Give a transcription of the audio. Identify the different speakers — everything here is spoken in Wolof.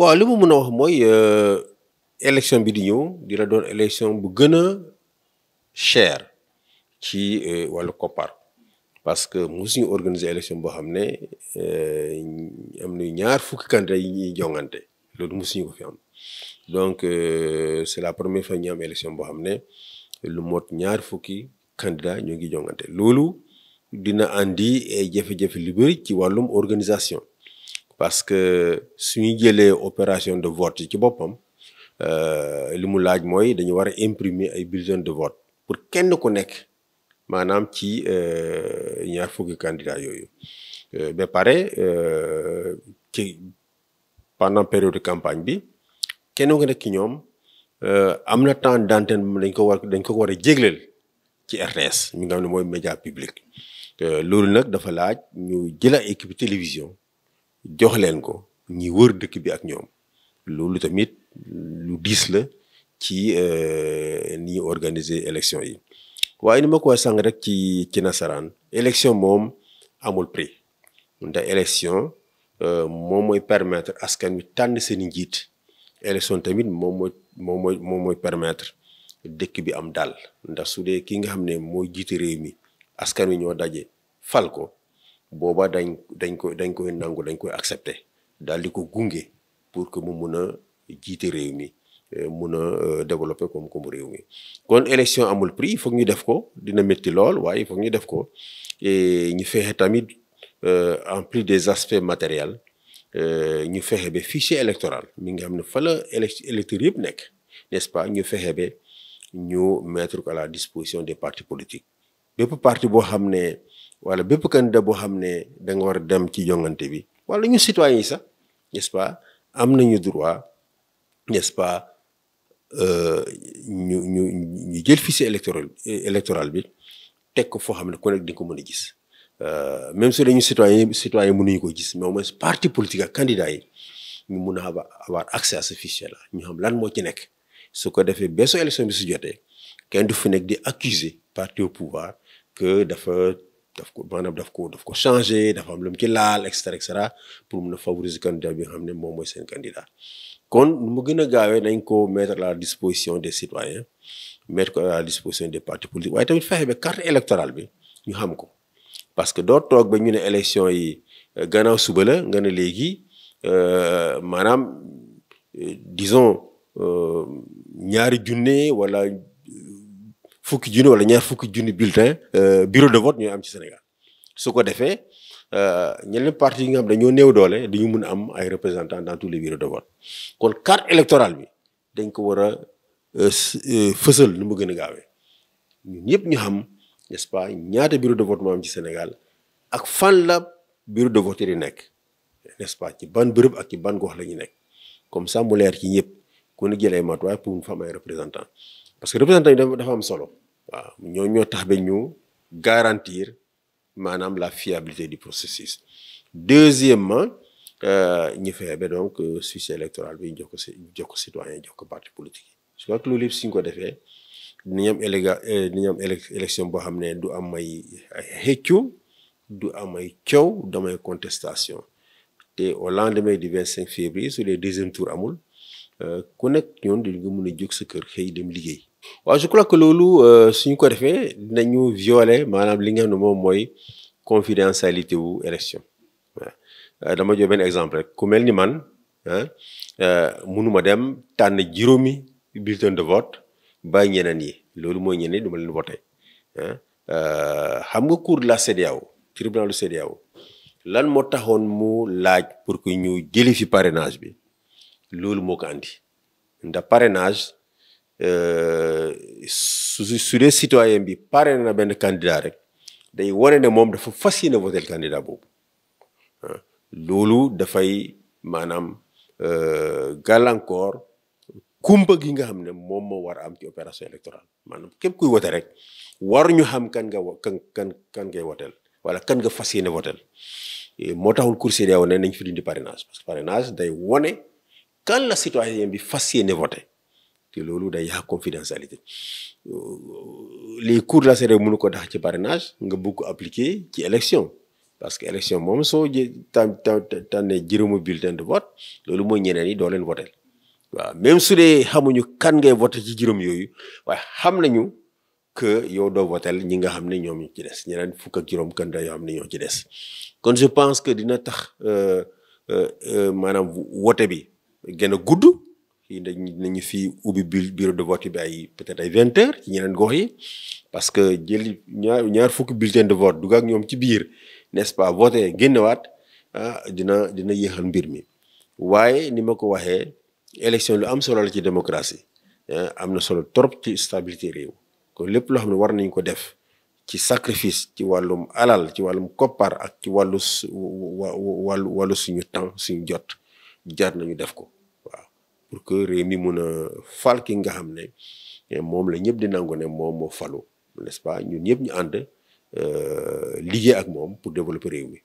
Speaker 1: waaw li ma mën a wax mooy euh, élection bi di ñëw dina doon élection bu gën a cher ci euh, wàllu koppar parce que mosuñu organiser élection boo xam ne euh, am na ñaar fukki candidat yi ñuy jongante loolu mosuñu ko fi am donc c'est la première fois ñu am élection boo xam ne lu mot ñaar fukki candidat ñoo ngi jongante loolu dina andi ay eh, jafe-jafe lu bëri ci wàllum organisation parce que su ñu jëlee opération de vote yi ci boppam euh, li mu laaj mooy dañu war a imprimer ay bulletins de vote pour kenn ku nekk maanaam ci euh, ñaar fukki candidat yooyu euh, ba pare ci pendant période de campagne bi kenn ku nekk ci ñoom am na temps d'antenne dañ ko war dañ ko war a jégleel ci RTS mi nga xam ne mooy média public Euh, loolu nag dafa laaj ñu jël ay équipe télévision jox leen ko ñi wër dëkk bi ak ñoom loolu tamit lu diis la ci euh, ni organiser élection yi waaye ni ma ko sàng rek ci ci nasaraan élection moom amul prix ndax élection euh, moom mooy permettre askan wi tànn seen i njiit élection tamit moom mooy moom mooy moom dëkk bi am daal ndax su dee ki nga xam ne mooy jiite réew mi. askan wi ñoo daje fal ko booba dañ dañ ko dañ koy nangu dañ koy accepter daal di ko gunge pour que mu mun a jiite réew mi euh, mun a euh, développer comme comme réew mi kon élection amul prix il faut ñu def ko dina métti lool waaye il ñu def ko ñu fexe tamit euh, en plus des aspects matériels ñu fexe bi fichier électoral mi ngi xam ne fala la électeurs yëpp nekk n'est-ce ñu fexe ba ñu mettre ko à la disposition des parti politiques bépp parti boo xam ne wala bépp candidat boo xam ne da nga war a dem ci jongante bi wala ñu citoyens yi sax n'est-ce pas am ñu droit n'est-ce pas euh, ñu ñu ñu jël fichier électoral électoral bi teg ko foo xam ne ku nekk di ko mën a gis euh, même su dee ñu citoyen citoyen mënuñu ko gis mais au moins parti politique ak candidat yi ñu mun a avoir accès à ce fichier là ñu xam lan moo ci nekk su ko defee beesoo élection bi su jotee kenn du fi nekk di accuser parti au pouvoir que dafa daf ko maanaam daf ko daf ko changé dafa am lu mu ci laal et cetera pour mun a favoriser candidat bi xam ne moom mooy seen candidat kon nu mu gën a gaawee nañ ko mettre la disposition des citoyens mettre ko à la disposition des partis politiques waaye tamit fexe ba carte électorale bi ñu xam ko parce que doo toog ba ñu ne élection yi euh, gannaaw suba la nga ne léegi euh, maanaam euh, dison ñaari junne wala fukki junni wala ñaar fukki junni bulletin euh, bureau de vote ñooy am ci Sénégal su ko defee euh, ñeneen parti yi nga xam dañoo néew doole dañu mun a am ay représentants dans tous les bureaux de vote kon carte électorale bi dañ ko war a euh, fësal nu mu gën a gaawee ñun ñëpp ñu xam n'est-ce pas ñaata bureau de vote moo am ci Sénégal ak fan la bureau de vote yi nekk n'est-ce pas ci ban bërëb ak ci ban gox la ñu nekk comme ça mu leer ci ñëpp ku ne jëlee pour mu fa am ay représentants parce que yi dafa am solo. waaw ñoo ñoo tax ba ñu garantir maanaam la fiabilité du processus deuxièmement euh, ñu fexe ba donc suisse euh, électorale bi jox ko jox ko citoyen jox ko parti politique yi je crois que loolu yëpp suñ ko defee dinañ am éléga euh, dinañ am élection boo xam ne du am ay ay du am ay coow du contestation te au lendemain du 25 février su dee deuxième tour amul ku nekk ñoom dañ ko mën a jóg sa kër xëy dem liggéey waaw je crois que loolu euh, suñu ko defee dinañu violer maanaam li nga xam ne moom mooy confidentialité wu élection waaw euh, dama jox exemple rek ku mel ni man ah euh, mënuma dem tànn juróomi bulletin de vote bàyyi ñeneen yi loolu mooy ñeneen du ma leen voté xam nga cour la CEDEAO tribunal de CEDEAO lan moo taxoon mu laaj pour ku ñu jëli fi parrainage bi loolu moo ko andi ndax parrainage. su su dee citoyen bi pare na benn candidat rek day wone ne moom dafa fas yéene voter candidat boobu ah, loolu dafay maanaam euh, gàllankoor kumpa gi nga xam ne moom moo war a am ci opération électorale maanaam képp kuy wote rek waruñu xam kan nga kan kan kan ngay woteel wala kan nga fas yéene woteel moo taxul Cour CEDEAO ne nañ fi dindi parrainage parce que parrainage day wone kan la citoyen bi fas yéene voter te loolu day yàq confidentialité les cours la CEDEAO mënu ko dax ci parrainage nga bugg ko ci élection parce que élection moom soo jë tan tan tànnee juróomi bulletin de vote loolu mooy ñeneen yi doo leen votel waaw même su dee xamuñu kan ngay voté ci juróom yooyu waaye xam nañu que yow doo votel ñi nga xam ne ñoom ñu ci des ñeneen fukk ak juróom kan yoo xam ne ñoo ci des kon je pense que dina tax euh, euh, euh, maanaam wote bi gën a gudd dañu fi ubbi bureau de vote bi ay peut-être ay vingt heures ci ñeneen gox yi parce que jëli ñaar ñaar fukki bulletin de vote dugg ak ñoom ci biir n'est-ce pas voté génnewaat ah dina dina yéexal mbir mi waaye ni ma ko waxee élection lu am solo la ci démocratie ah, am na solo trop ci stabilité réew kon lépp loo xam ne war nañ ko def ci sacrifice ci wàllum alal ci wàllum koppar ak ci wàllu wàllu wàllu suñu temps suñu jot jaar nañu def ko pour que réew mi mun a fal ki nga xam ne eh, moom la ñëpp di nangu ne moom moo falu n'est-ce pas ñun ñëpp ñu ànd euh, liggéey ak moom pour développer réew mi.